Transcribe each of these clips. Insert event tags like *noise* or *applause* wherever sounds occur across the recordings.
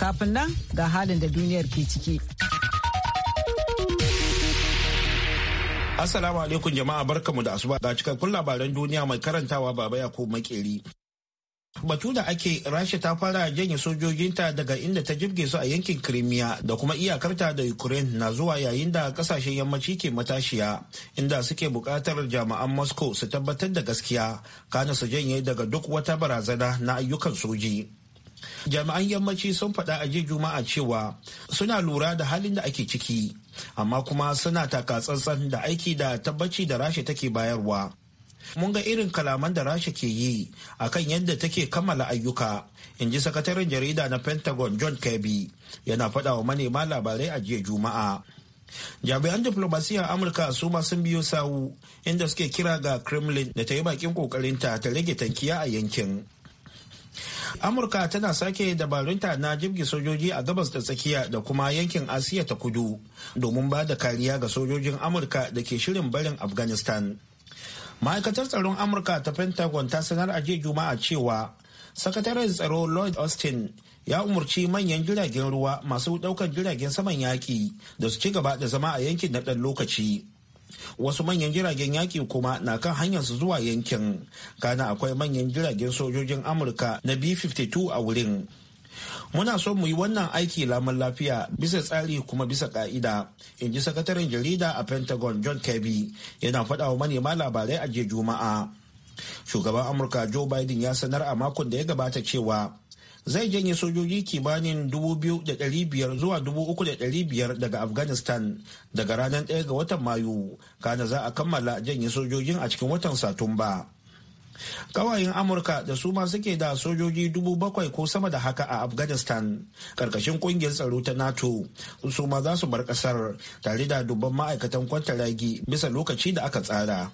Kafin nan ga halin da duniyar ke ciki. Assalamu alaikum jama'a barkamu da asuba ga cikakkun labaran duniya mai karantawa baba ya ko Makeri. Batu da ake Rasha ta fara janye sojojinta daga inda ta jibge su a yankin Crimea da kuma iyakarta da Ukraine na zuwa yayin da kasashen yammaci ke matashiya inda suke buƙatar jami'an Moscow su tabbatar da gaskiya kana su janye daga duk wata barazana na ayyukan soji. jami'an yammaci sun faɗa a jiya juma'a cewa suna lura da halin da ake ciki amma kuma suna taka takatsantsan da aiki da tabbaci da rasha take bayarwa mun ga irin kalaman da rasha ke yi akan yadda take kammala ayyuka in ji sakataren jarida na pentagon john kirby yana faɗa wa manema labarai a jiya juma'a jami'an diflomasiyyar amurka su ma sun biyo sawu inda suke kira ga kremlin da ta yi bakin kokarinta ta rage tankiya a yankin amurka tana sake dabarunta na jirgin sojoji a gabas da tsakiya da kuma yankin asiya ta kudu domin ba da kariya ga sojojin amurka da ke shirin barin afghanistan ma'aikatar tsaron amurka ta pentagon ta sanar a jiya juma'a cewa sakataren tsaro lloyd austin ya umarci manyan jiragen ruwa masu daukan jiragen saman yaki da su ci gaba da zama a yankin na ɗan lokaci wasu manyan jiragen yaki kuma na kan hanyar su zuwa yankin gana akwai manyan jiragen sojojin amurka na b-52 a wurin muna so mu yi wannan aiki laman lafiya bisa tsari kuma bisa ka'ida in ji sakataren jarida a pentagon john kirby yana faɗa wa manema labarai a jiya juma'a shugaban amurka joe biden ya sanar a makon da ya gabata cewa zai janye sojoji kimanin 2,500 zuwa 3,500 daga afghanistan daga ranar 1 ga watan mayu kana za a kammala janye sojojin a cikin watan satumba kawayen amurka da su ma suke da sojoji dubu bakwai ko sama da haka a afghanistan karkashin kungiyar tsaro ta nato su ma za su bar kasar tare da dubban ma'aikatan kwantaragi bisa lokaci da aka tsara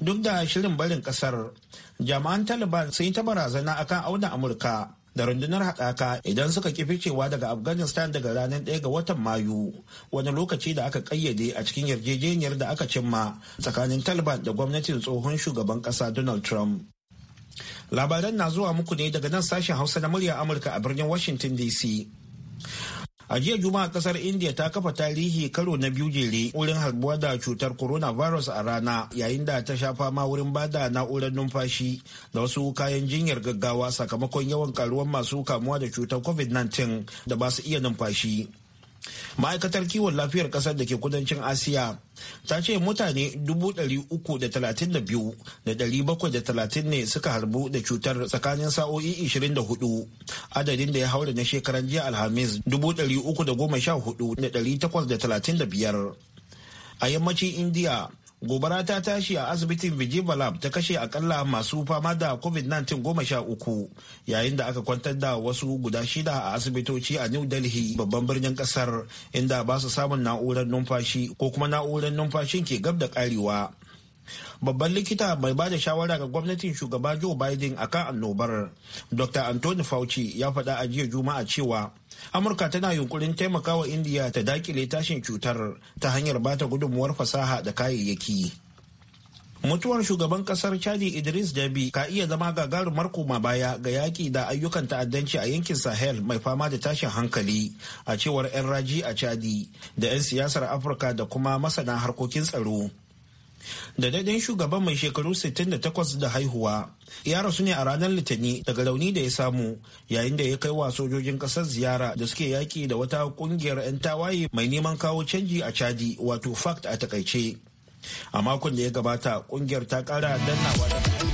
duk da shirin barin kasar jami'an taliban sun yi ta barazana akan auna amurka da rundunar haɗaka idan suka ƙi ficewa daga afghanistan daga ranar 1 ga watan mayu wani lokaci da aka ƙayyade a cikin yarjejeniyar da aka cimma tsakanin taliban da gwamnatin tsohon shugaban ƙasa donald trump labaran na zuwa muku ne daga nan sashen hausa na murya amurka a birnin washington dc A jiya Juma'a kasar India ta kafa tarihi karo na biyu jere wurin harbuwa da cutar coronavirus a rana yayin da ta sha fama wurin bada na'urar numfashi da wasu kayan jinyar gaggawa sakamakon yawan karuwan masu kamuwa da cutar COVID-19 da ba su iya numfashi. ma'aikatar kiwon lafiyar kasar da ke kudancin asiya ta ce mutane 332,730 ne suka harbu da cutar tsakanin sa'o'i 24 adadin da ya haura na shekaran jiya alhamis 314,835 a yammacin indiya gobara ta tashi a asibitin vigivalab ta kashe akalla masu fama da covid-19 goma sha uku yayin da aka kwantar da wasu guda shida a asibitoci a new delhi babban birnin kasar inda ba su samun na'urar numfashi ko kuma na'urar numfashin ke gab da karewa babban likita mai bada shawara ga gwamnatin shugaba joe biden kan annobar dr anthony fauci ya faɗa a jiya juma'a cewa amurka tana yunkurin taimakawa indiya ta dakile tashin cutar ta hanyar bata gudunmuwar fasaha da kayayyaki mutuwar shugaban kasar chadi idris dabi ka iya zama gagarumar koma baya ga yaƙi da ayyukan ta'addanci a yankin sahel mai fama da tashin hankali a cewar 'yan raji a chadi da 'yan siyasar afirka da kuma masana harkokin tsaro da daidai shugaban mai shekaru 68 da haihuwa ya rasu ne a ranar litani daga rauni da ya samu yayin da ya kai wa sojojin kasar ziyara da suke yaki da wata kungiyar 'yan tawaye mai neman kawo canji a chadi wato fact a takaice a makon da ya gabata kungiyar ta kara dannawa da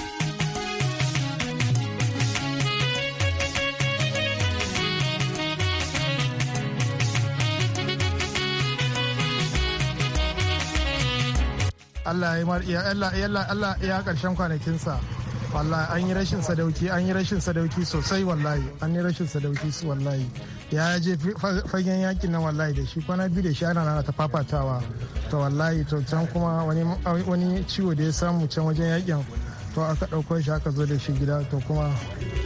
Allah ya Allah ya karshen kwanakinsa wallahi an yi rashin sadauki an yi rashin sadauki sosai wallahi an yi rashin sadauki su wallahi ya je fagen yakin na wallahi da shi kwana biyu da shi ana nana ta fafatawa to wallahi to can kuma wani ciwo da ya samu can wajen yakin to aka ɗauko shi aka zo da shi gida to kuma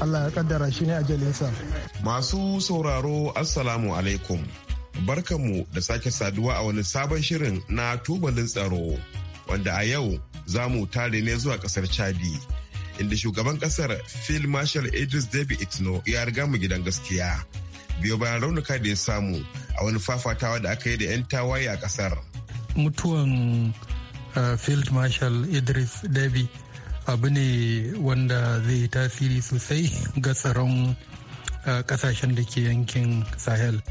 Allah ya kaddara shi ne ajalinsa. Masu sauraro Assalamu alaikum. Barkanmu da sake saduwa a wani sabon shirin na tubalin tsaro wanda a yau za mu tare ne zuwa kasar chadi inda shugaban kasar phil marshal idris david itno ya riga mu gidan gaskiya biyo bayan raunuka da ya samu a wani fafatawa da aka yi da 'yan tawaye a kasar mutuwan uh, field marshal idris dabi abu ne wanda zai yi tasiri sosai ga tsaron uh, kasashen da ke yankin sahel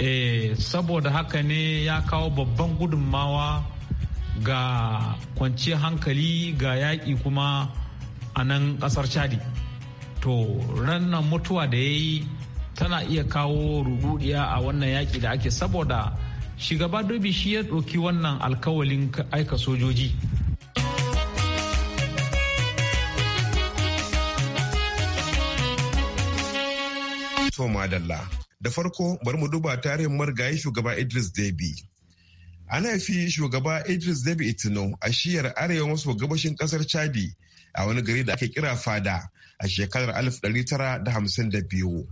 eh saboda haka ne ya kawo babban gudunmawa ga kwanciyar hankali ga yaƙi kuma a nan ƙasar chadi to rannan mutuwa da ya yi tana iya kawo rududiya a wannan yaƙi da ake saboda shugaba dobi shi ya ɗauki wannan alkawalin aika sojoji To madalla da farko bari mu duba tarihin marigayi shugaba Idris debi. ana fi shugaba idris debi itino a shiyar arewa maso gabashin kasar chadi a wani gari da aka kira fada a shekarar 1952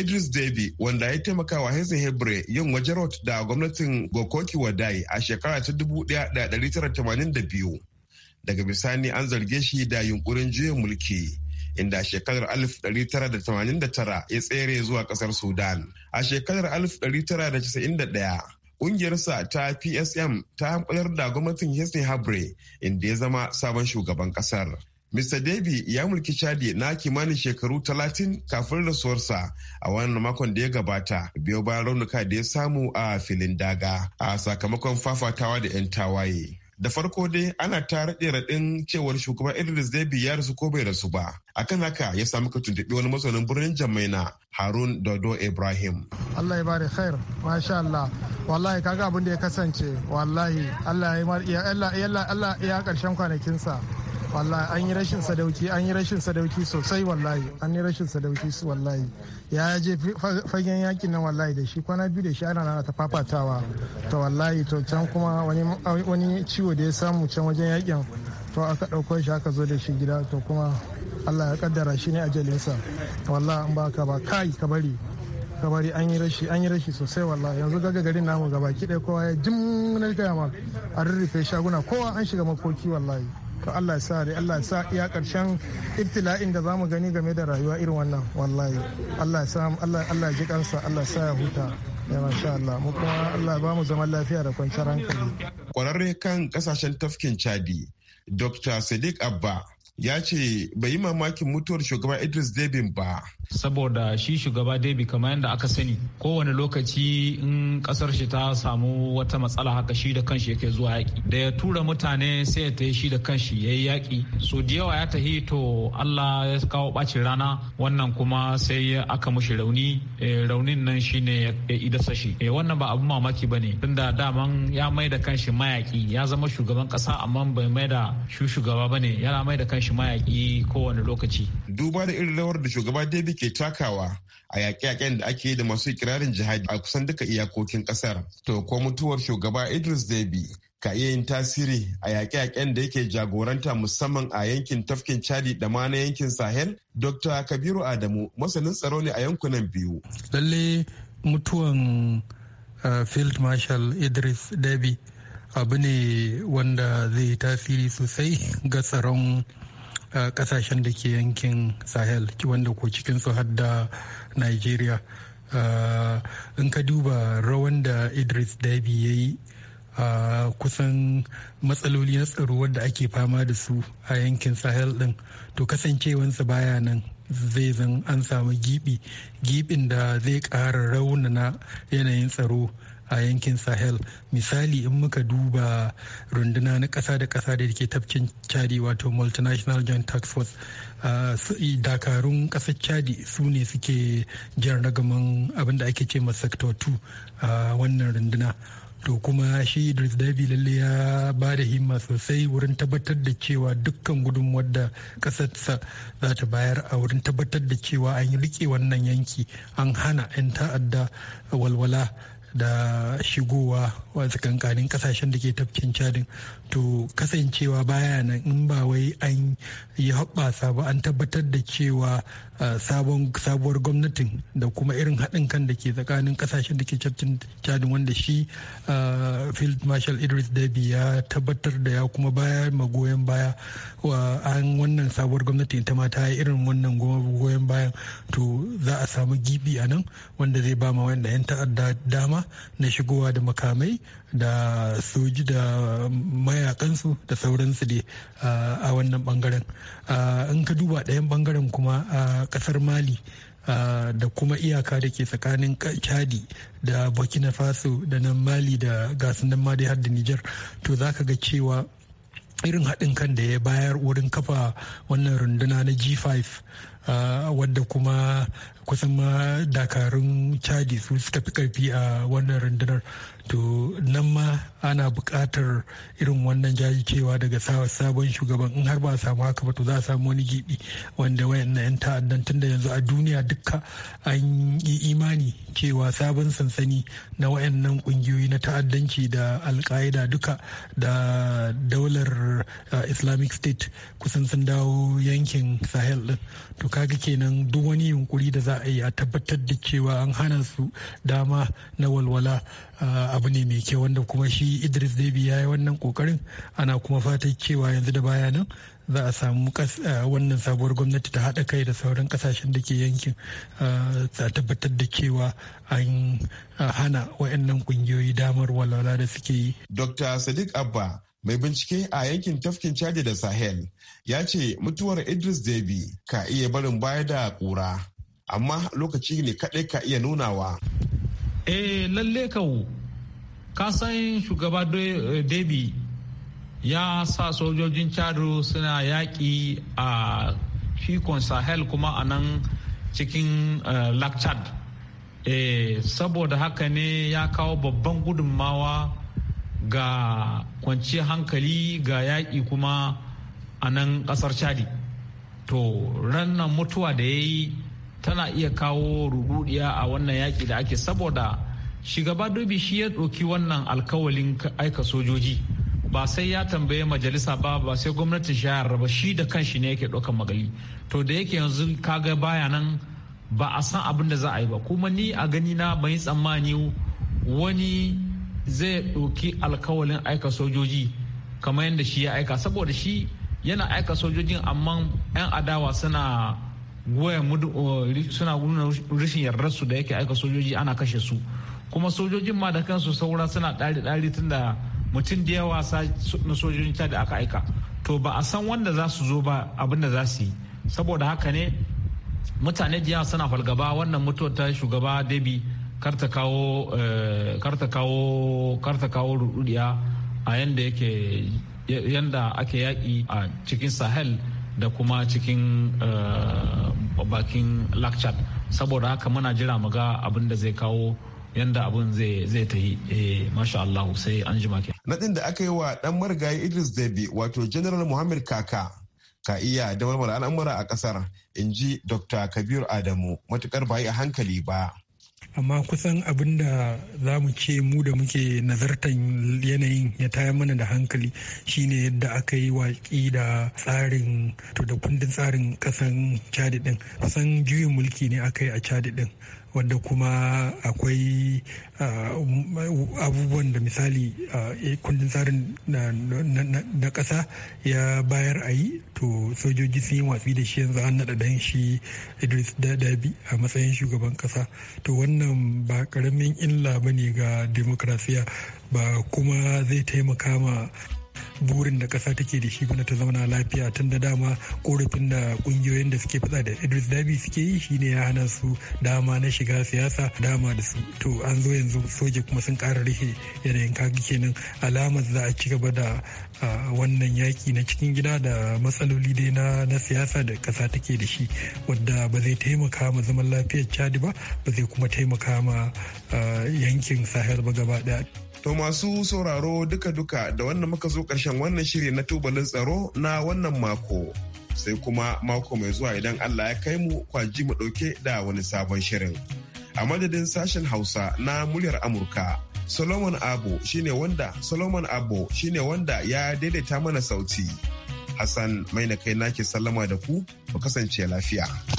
idris debi wanda ya taimaka wa hezin hebre yin wajarot da gwamnatin gokoki wadai a shekara ta 1982 daga bisani an zarge shi da yunkurin juyin mulki inda a shekarar 1989 ya tsere zuwa kasar sudan a shekarar 1991 Ƙungiyarsa ta PSM ta hankular da gwamnatin Hesney Habre inda ya zama sabon shugaban ƙasar. Mr. Davy ya mulki Chadi na kimanin shekaru talatin kafin rasuwarsa a wannan makon da ya gabata biyo bayan raunuka da ya samu a filin daga a sakamakon fafatawa da 'yan tawaye. Da farko dai ana ta raɗe raɗin cewar shugaban Idris davy ya rasu ko bai rasu ba, akan haka ya samu ka tuntuɓi wani masanin birnin jamaina harun dodo ibrahim allah ya bari khair masha allah wallahi kaga abin da ya kasance wallahi allah ya karshen kwanakinsa wallahi an yi rashin sadauki an yi rashin sadauki sosai wallahi an yi rashin sadauki su wallahi ya je fagen yakin nan wallahi da shi kwana biyu da shi ana nana ta fafatawa to wallahi to can kuma wani ciwo da ya samu can wajen yakin to aka ɗauko shi aka zo da shi gida to kuma Allah ya kaddara shi ne ajalinsa wallahi an baka ba kai ka bari ka bari an yi rashi an yi rashi sosai wallahi yanzu gaga garin namu gaba ki kowa ya jin na gaya ma a rurrufe shaguna kowa an shiga makoki wallahi to Allah ya sa dai Allah ya sa iya karshen ibtila'in da zamu gani game da rayuwa irin wannan wallahi Allah ya sa Allah Allah ya ji kansa Allah ya sa ya huta ya masha Allah mu kuma Allah ba mu zaman lafiya da kwanciyar hankali kwararre kan kasashen tafkin Chadi Dr. Sadiq Abba ya ce bai yi mamakin mutuwar shugaba idris debin ba saboda shi shugaba debi kamar yadda aka sani kowane lokaci in kasar shi ta samu wata matsala haka shi da kanshi yake zuwa yaki da ya tura mutane sai ya tafi shi da kanshi ya yi yaki so da yawa ya tafi to allah ya kawo bacin rana wannan kuma sai aka mushi rauni eh, raunin nan shi ne ya idasa shi eh, wannan ba abun mamaki ba ne tunda daman ya mai da kanshi mayaki ya zama shugaban kasa amma bai mai da shugaba ba ne yana mai da kanshi shi mayaki kowane lokaci. Duba da irin rawar da shugaba David ke takawa a yaƙe-yaƙen da ake yi da masu ikirarin jihadi a kusan duka iyakokin ƙasar. To ko mutuwar shugaba Idris Debi ka iya yin tasiri a yaƙe-yaƙen da yake jagoranta musamman a yankin tafkin Chadi da ma na yankin Sahel? Dr. Kabiru Adamu masanin tsaro ne a yankunan biyu. Lalle mutuwan uh, Field Marshal Idris Debi abu ne wanda zai tasiri sosai *laughs* ga tsaron kasashen da ke yankin sahel wanda ko cikinsu har da nigeria in ka duba rawan da idris dabi ya yi a kusan matsaloli na tsaro wadda ake fama da su a yankin sahel din to kasancewansa baya nan zai zan an samu gibi gibin da zai ƙara raunana yanayin tsaro a yankin sahel misali in muka duba runduna na kasa da kasa da ke tafkin chadi wato multinational joint tax force ah, dakarun ƙasar chadi su ne suke jan ragaman abinda ake ce ma sector 2 a ah, wannan runduna to kuma shi idris dabi lalle ya ba da himma sosai wurin tabbatar da cewa dukkan gudun da kasarsa za ta bayar a wurin tabbatar da cewa an yi rike wannan yanki an hana 'yan ta'adda walwala da shigowa wa tsakankanin kasashen da ke tafkin cadin to kasancewa baya nan in ba wai an yi hoɓɓasa ba an tabbatar da cewa sabuwar gwamnatin da kuma irin haɗin kan da ke tsakanin ƙasashen da ke cafcin cadin wanda shi field marshal idris dabi ya tabbatar da ya kuma baya magoyan baya wa an wannan sabuwar gwamnati ta mata ya irin wannan goyon bayan to za a samu gibi a nan wanda zai ba ma wanda 'yan ta'adda dama na shigowa da makamai da soji da mayakansu da sauransu dai a wannan bangaren in ka duba ɗayan bangaren kuma a ƙasar mali Uh, da kuma iyaka da ke tsakanin chadi da burkina faso da nan mali da gasu nan ma dai har da nijar to za ka ga cewa irin haɗin kan da ya bayar wurin kafa wannan runduna na g5 uh, wadda kuma kusan ma dakarun chadi su suka fi karfi a wannan rundunar to nan ma ana buƙatar irin wannan cewa daga sabon shugaban in har ba a samu haka ba to za a samu wani gibi wanda wayannan 'yan ta'addan tunda yanzu a duniya duka. an yi imani cewa sabon sansani na wayannan kungiyoyi na ta'addanci da alka'ida duka da daular uh, islamic state kusan sun dawo yankin sahel din to kaga kenan duk wani yunkuri da za a yi a tabbatar da cewa an hana su dama na walwala uh, a abu ne mai kyau wanda kuma shi idris debi ya yi wannan kokarin ana kuma fatan cewa yanzu da baya nan za a samu wannan sabuwar gwamnati ta haɗa kai da sauran kasashen da ke yankin za tabbatar da cewa an hana waɗannan ƙungiyoyi damar walwala da suke yi. dr sadiq abba mai bincike a yankin tafkin chadi da sahel ya ce mutuwar idris debi ka iya barin baya da kura amma lokaci ne kaɗai ka iya nunawa. eh lalle kawo kasan shugaba eh, debi ya sa sojojin chadu suna yaƙi a shikon sahel kuma a nan cikin eh, lakchad eh, saboda haka ne ya kawo babban gudunmawa ga kwanciyar hankali ga yaƙi kuma a nan ƙasar chadi to rannan mutuwa da ya yi tana iya kawo rududiya a wannan yaƙi da ake saboda shugaba dobi shi ya ɗauki wannan alkawalin aika sojoji ba sai ya tambaye majalisa ba ba sai gwamnatin shayar ba shi da kanshi ne yake ɗaukan magali to da yake yanzu kaga baya nan ba a san abin da za a yi ba kuma ni a gani na bai tsammani wani zai ɗoki alkawalin aika sojoji kamar yadda shi ya aika saboda shi yana aika sojojin amma 'yan adawa suna goya suna nuna rashin yardarsu da yake aika sojoji ana kashe su kuma sojojin ma da kansu saura suna ɗari-ɗari da mutum da yawa na sojojin da aka aika to ba a san wanda za su zo ba abin da za su yi saboda haka ne mutane da yawa suna falgaba wannan mutuwar ta shugaba debi karta kawo eh, karta kawo karta a yanda yake yanda ake yaki a cikin sahel da kuma cikin eh, bakin lakchad saboda haka muna jira mu ga abin da zai kawo yanda abun zai ta yi eh masha Allah sai an jima ke. Nadin da aka yi wa dan marigayi Idris Debi wato General Muhammad Kaka ka iya da walwala al'amura a kasar inji ji Dr. Kabir Adamu matukar ba a hankali ba. Amma kusan abin da za mu ce mu da muke nazartan yanayin ya tayar mana da hankali shine yadda aka yi waƙi da tsarin to da kundin tsarin kasan Chad din kusan juyin mulki ne aka yi a Chad din wadda kuma akwai ah, abubuwan da misali ah, eh, kundin tsarin na ƙasa ya bayar a yi to sojoji sun yi watsi da shi yanzu an naɗa dan shi idris dadabi a matsayin shugaban ƙasa to wannan ba ƙaramin illa ba ne ga demokrasiya ba kuma zai taimaka ma burin da kasa take da shi na ta zauna lafiya tun da dama korafin da ƙungiyoyin da suke fada da Idris Dabi suke yi shine ya hana su dama na shiga siyasa dama da su to an zo yanzu soja kuma sun ƙara rihe yanayin kaga kenan alamar za a ci gaba da wannan yaki na cikin gida da matsaloli dai na na siyasa da ƙasa take da shi wadda ba zai taimaka ma zaman lafiyar Chad ba ba zai kuma taimaka ma yankin Sahel ba gaba daya. To masu sauraro duka-duka da wannan muka zo ƙarshen wannan shiri na tubalin tsaro na wannan mako. Sai kuma mako mai zuwa idan Allah ya kai mu kwaji mu ɗauke da wani sabon shirin. A madadin sashen Hausa na muryar Amurka, Solomon Abo shine wanda Solomon Abo shine wanda ya daidaita mana sauti. Hassan mai na kai nake sallama da ku, ku kasance lafiya.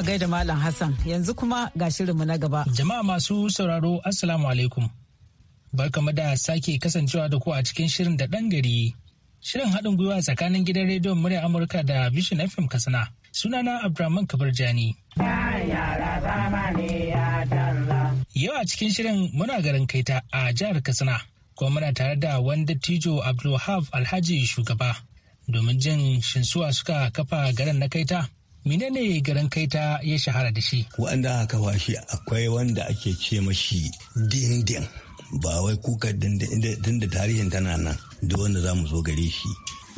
a gaida Malam Hassan yanzu kuma ga shirinmu na gaba. Jama'a masu sauraro Assalamu alaikum. Barkamu da sake kasancewa da ku a cikin shirin da ɗan gari. Shirin haɗin gwiwa tsakanin gidan rediyon murya Amurka da Vision FM Katsina. Sunana Abdulrahman Kabirjani. Yau a cikin shirin muna garin kaita a jihar Katsina. Kuma muna tare da wani dattijo Abdulwahab Alhaji shugaba. Domin jin shinsuwa suka kafa garin na kaita. menene garin Kai ta ya shahara da shi wanda aka washi akwai wanda ake ce mashi dindin ba wai kuka dindin da tarihin tana nan da wanda za mu zo gare shi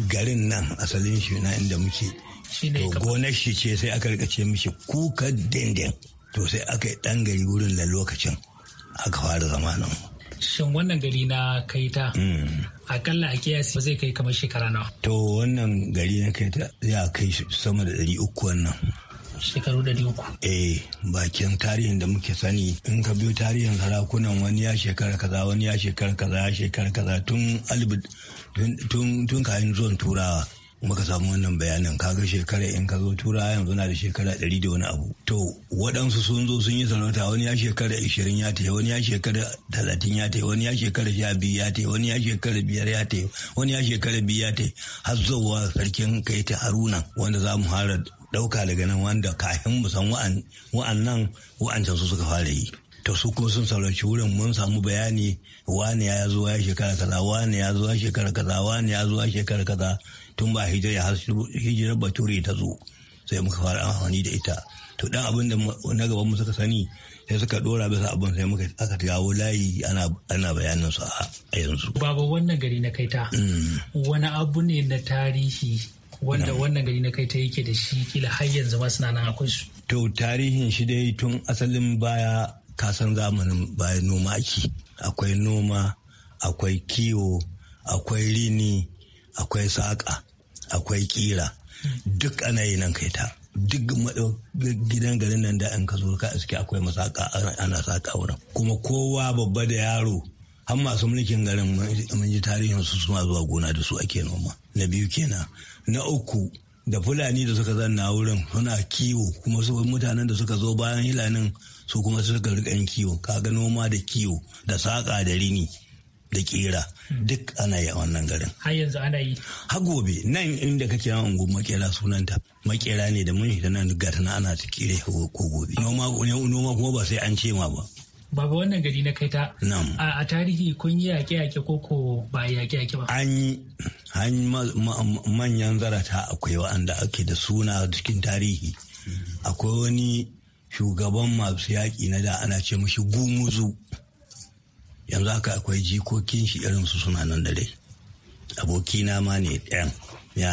garin nan asalin shi na inda muke to gonar shi ce sai aka rika ce mishi kuka dindin to sai aka yi dan gari wurin da lokacin aka fara zamanin shin wannan gari na kaita akalla a kiyasi zai kai kamar shekara nawa to wannan gari na kaita ya kai sama da ɗari uku wannan shekaru da uku. Eh bakin tarihin da muke sani in ka biyo tarihin sarakunan wani ya shekara kaza wani ya shekara kaza ya shekara kaza tun alib tun kayan zuwan turawa muka samu wannan bayanin kaga shekara in ka zo tura yanzu na da shekara ɗari da wani abu to waɗansu sun zo sun yi sarauta wani ya shekara ishirin ya taya wani ya shekara talatin ya taya wani ya shekara sha biyu ya taya wani ya shekara biyar ya taya wani ya shekara biyu ya taya har zuwa sarkin kai ta haruna wanda za mu fara ɗauka daga nan wanda kafin mu san wa'annan wa'ancan su suka fara yi. to su kuma sun saurarci wurin mun samu bayani wani ya zo ya shekara kaza wani ya zo ya shekara kaza wani ya zo ya shekara kaza tun ba hijira har hijirar bature ta zo sai muka fara amfani da ita to dan abin da na gaban mu suka sani sai suka dora bisa abin sai muka aka jawo layi ana ana bayanin su a yanzu baba wannan gari na kaita mm. wani abu ne na tarihi wanda wannan gari na kai ta yake da shi kila har yanzu ma suna nan akwai su. To tarihin shi dai tun asalin baya kasan zamanin bayan noma ake akwai noma akwai kiwo akwai rini akwai saƙa akwai kira duk ana yi nan kai ta duk gidan garin nan da an ka zo ka iske akwai masaka ana saka wurin kuma kowa babba da yaro har masu mulkin garin mun ji tarihin su suna zuwa gona da su ake noma na biyu kenan na uku da fulani da suka zanna wurin suna kiwo kuma mutanen da suka zo bayan hilanin su kuma su ga yin kiwo kaga noma da kiwo da saƙa da rini da kera duk ana yi a wannan garin har yanzu ana yi har gobe nan inda kake yawan ungun makera sunanta makera ne da mun da nan ga na ana ta ƙere ko gobe noma kuma ba sai an ce ma ba Baba wannan gari na kaita a tarihi kun yi yaƙe-yaƙe ko ba yaƙe-yaƙe ba. An yi manyan zarata akwai wa'anda ake da suna cikin tarihi. Akwai wani shugaban masu yaƙi na da ana ce mashi gumuzu yanzu haka akwai jikokin shi irin su suna nan da rai abokina ma ne ɗayan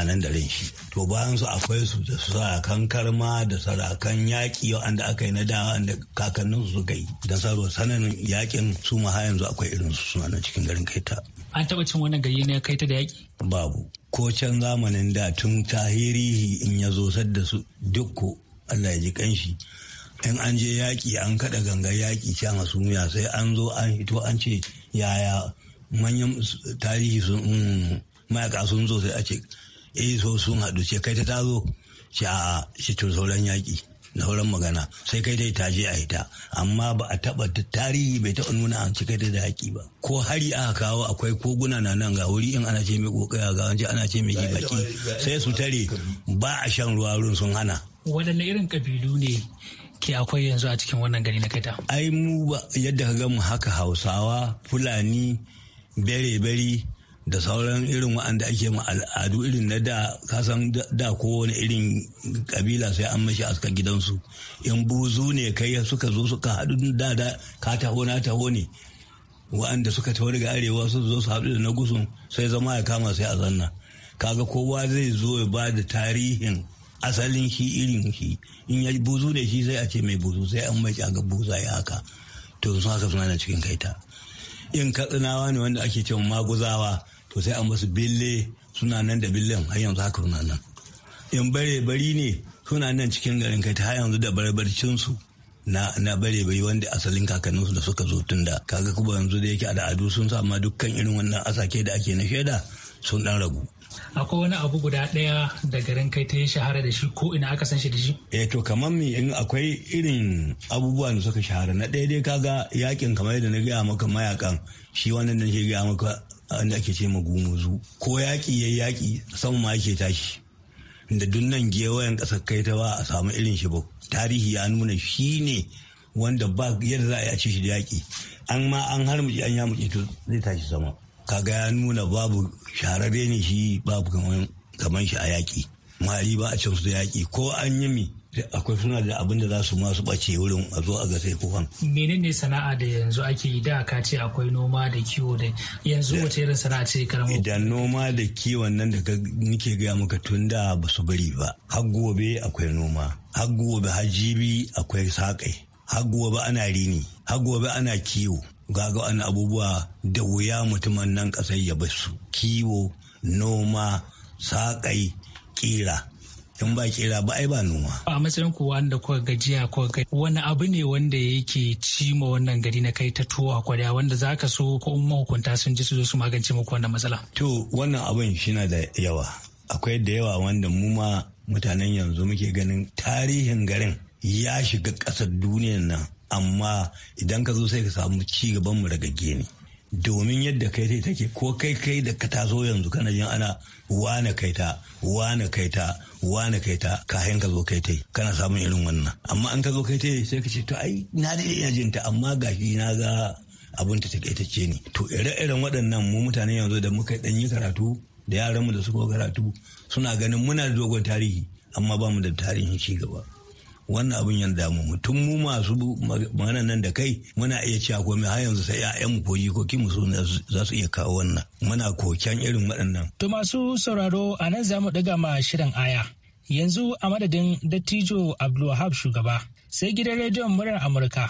nan da shi to bayan su akwai su da sarakan karma da sarakan yaƙi wanda aka yi na da wanda kakannin su suka yi da saro sananin yaƙin su ma har yanzu akwai irin su suna nan cikin garin kaita an taɓa cin wannan gari ne kaita da yaƙi babu ko can zamanin da tun tahirihi in ya zo sadda su dukko Allah ya ji kanshi in an je yaƙi an kaɗa gangar yaƙi can a sumiya sai an zo an hito an ce yaya manyan tarihi sun mm, mayaka sun zo sai a ce eh so sun haɗu ce kai ta tazo ce a shi sauran yaƙi na sauran magana sai kai dai taje a ita amma ba a taɓa tarihi bai taɓa nuna an cika da yaƙi ba ko hari aka kawo akwai koguna na nan ga wuri in ana ce mai kokaya ga wani ana ce mai baki sai su tare ba a shan ruwa wurin sun hana waɗanne irin kabilu ne ke akwai yanzu a cikin wannan gari na kaita ai mu yadda ka gamu haka hausawa fulani bere-bere da sauran irin wa'anda ake ma al'adu irin na da kasan da kowane irin kabila sai an mashi askar gidansu in buzu ne kai suka zo suka haɗu da da ka taho na taho ne wa'anda suka taho daga arewa su zo su haɗu da na gusun sai zama ya kama sai a zanna kaga kowa zai zo ya ba da tarihin asalin shi irin shi in ya buzu da shi sai a ce mai buzu sai an mai ga buza ya haka to sun haka suna da cikin kaita in katsinawa ne wanda ake cewa maguzawa to sai an basu bille suna nan da billen har yanzu haka suna nan in bare bari ne suna nan cikin garin kaita har yanzu da barbarcinsu na na bare bari wanda asalin kakanninsu da suka zo tunda da kaga kuma yanzu da yake al'adu sun sa sama dukkan irin wannan asake da ake na shaida sun dan ragu akwai wani abu guda ɗaya da garin kai ta yi shahara da shi ko ina aka san shi da shi? E, to kamar mi in akwai irin abubuwan da suka shahara na ɗaya dai kaga yakin kamar yadda na gaya maka mayakan shi wannan da shi gaya maka wanda ake ce ma gumuzu ko yaƙi ya yaƙi san ma yake tashi. Da dunnan gewayen ƙasar kai ta ba a samu irin shi ba tarihi ya nuna shi ne wanda ba yadda za a yi a ci shi da yaƙi an ma an har an ya muke to zai tashi sama. kaga ya nuna babu shararre ne shi babu kaman shi a yaƙi mari ba a can su da yaƙi ko an yi mi akwai suna da abin da za su masu ɓace wurin a zo a ga sai kufan. menene sana'a da yanzu ake yi da ka ce akwai noma da kiwo da yanzu wace irin sana'a ce karamu idan noma da kiwon nan da nike gaya maka tun da ba su bari ba har gobe akwai noma har gobe har jibi akwai saƙai har gobe ana rini har gobe ana kiwo Gaga wani abubuwa da wuya mutumin nan kasar ya su kiwo noma saƙai ƙira in ba kira ba ai ba noma. A matsayin kuwa da kuka gajiya kuka ga wani abu ne wanda yake cima wannan gari na kai ta tuwa kwarya wanda za ka so ko in mahukunta sun ji su zo su magance muku wannan matsala. To wannan abin shi na da yawa. Akwai da yawa wanda mu ma mutanen yanzu muke ganin tarihin garin ya shiga ƙasar duniyan nan amma idan ka zo sai ka samu ci gaban mu ragagge ne domin yadda kai ta take ko kai kai da ka taso yanzu kana jin ana wane kai ta wane kai ta wane kai ta kayan ka zo kai ta kana samun irin wannan amma an ka zo kai ta sai ka ce to ai na da iya jin ta amma gashi na ga abin ta take ne to ire-iren waɗannan mu mutane yanzu da muka dan yi karatu da yaran mu da suka karatu suna ganin muna da dogon tarihi amma ba mu da tarihin ci gaba wannan abin yan damu mutum mu masu magana nan da kai muna iya cewa komai har yanzu sai ƴaƴan mu ko kin mu za su iya kawo wannan muna koken irin waɗannan. To masu sauraro a nan za mu ɗaga ma shirin aya. Yanzu a madadin dattijo Abdulwahab shugaba sai gidan rediyon murar Amurka